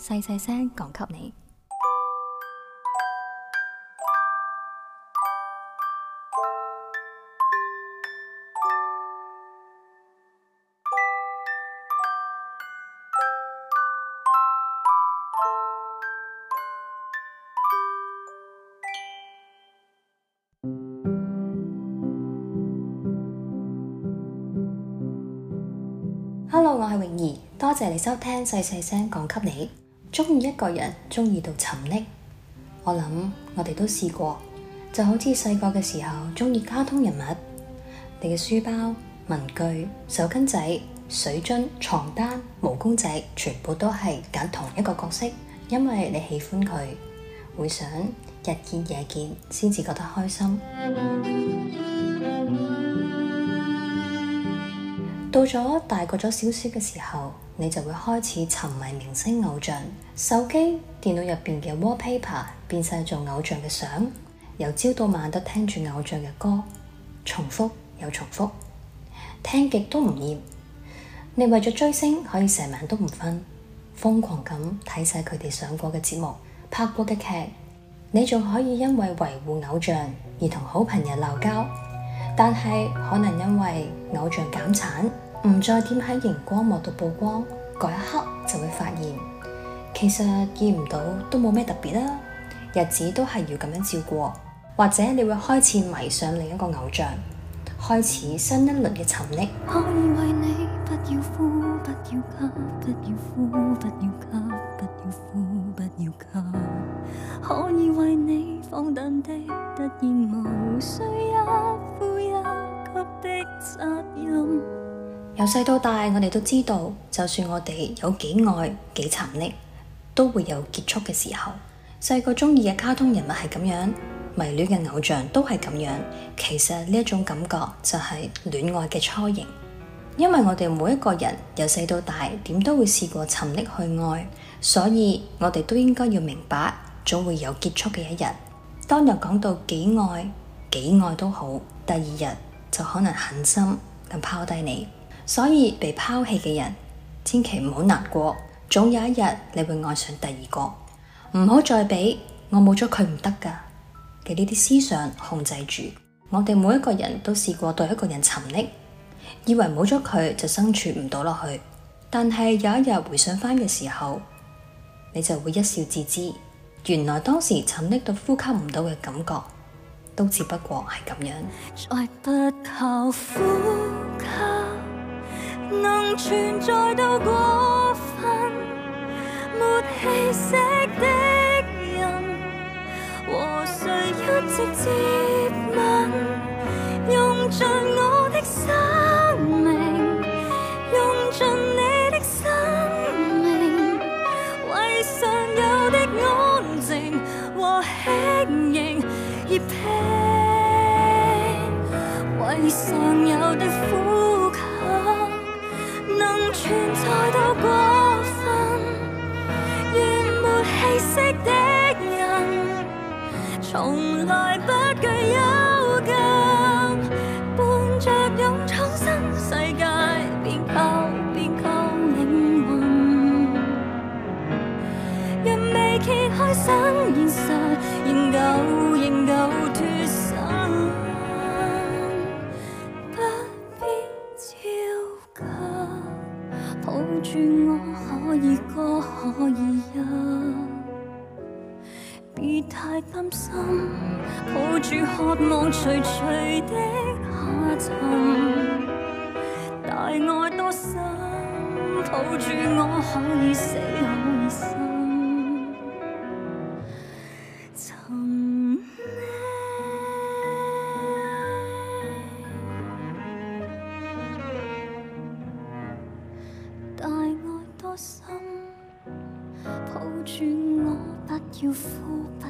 細細聲講給你。Hello，我係泳兒，多謝你收聽細細聲講給你。鍾意一個人，鍾意到沉溺。我諗我哋都試過，就好似細個嘅時候鍾意卡通人物，你嘅書包、文具、手巾仔、水樽、床單、毛公仔，全部都係揀同一個角色，因為你喜歡佢，會想日見夜見，先至覺得開心。 到咗大個咗少少嘅時候。你就會開始沉迷明星偶像，手機、電腦入邊嘅 wallpaper 變晒做偶像嘅相，由朝到晚都聽住偶像嘅歌，重複又重複，聽極都唔厭。你為咗追星可以成晚都唔瞓，瘋狂咁睇晒佢哋上過嘅節目、拍過嘅劇。你仲可以因為維護偶像而同好朋友鬧交，但係可能因為偶像減產，唔再點喺熒光幕度曝光，嗰一刻就會發現，其實見唔到都冇咩特別啦。日子都係要咁樣照過，或者你會開始迷上另一個偶像，開始新一輪嘅沉溺。可以為你不要呼不要吸，不要呼不要吸，不要呼不要吸。可以為你放膽地，突然無需一呼一吸的責任。由細到大，我哋都知道，就算我哋有幾愛幾沉溺，都會有結束嘅時候。細個鍾意嘅卡通人物係咁樣，迷戀嘅偶像都係咁樣。其實呢一種感覺就係戀愛嘅雛形，因為我哋每一個人由細到大，點都會試過沉溺去愛，所以我哋都應該要明白總會有結束嘅一日。當日講到幾愛幾愛都好，第二日就可能狠心咁拋低你。所以被拋棄嘅人，千祈唔好難過，總有一日你會愛上第二個。唔好再俾我冇咗佢唔得噶嘅呢啲思想控制住。我哋每一個人都試過對一個人沉溺，以為冇咗佢就生存唔到落去。但係有一日回想翻嘅時候，你就會一笑置之，原來當時沉溺到呼吸唔到嘅感覺，都只不過係咁樣。存在到過分，沒氣息的人，和誰一直接吻，用盡我的生命，用盡你的生命，為常有的安靜和輕盈而拼，為尚有的。從來不懼幽禁，伴着勇闖新世界，邊靠邊靠靈魂。若未揭開新現實，仍舊仍舊脫身，不必焦急，抱住我可以歌可以泣。你太擔心，抱住渴望徐徐的下沉。大愛多深，抱住我可以死可以生。沉溺，大愛多深，抱住我不要枯。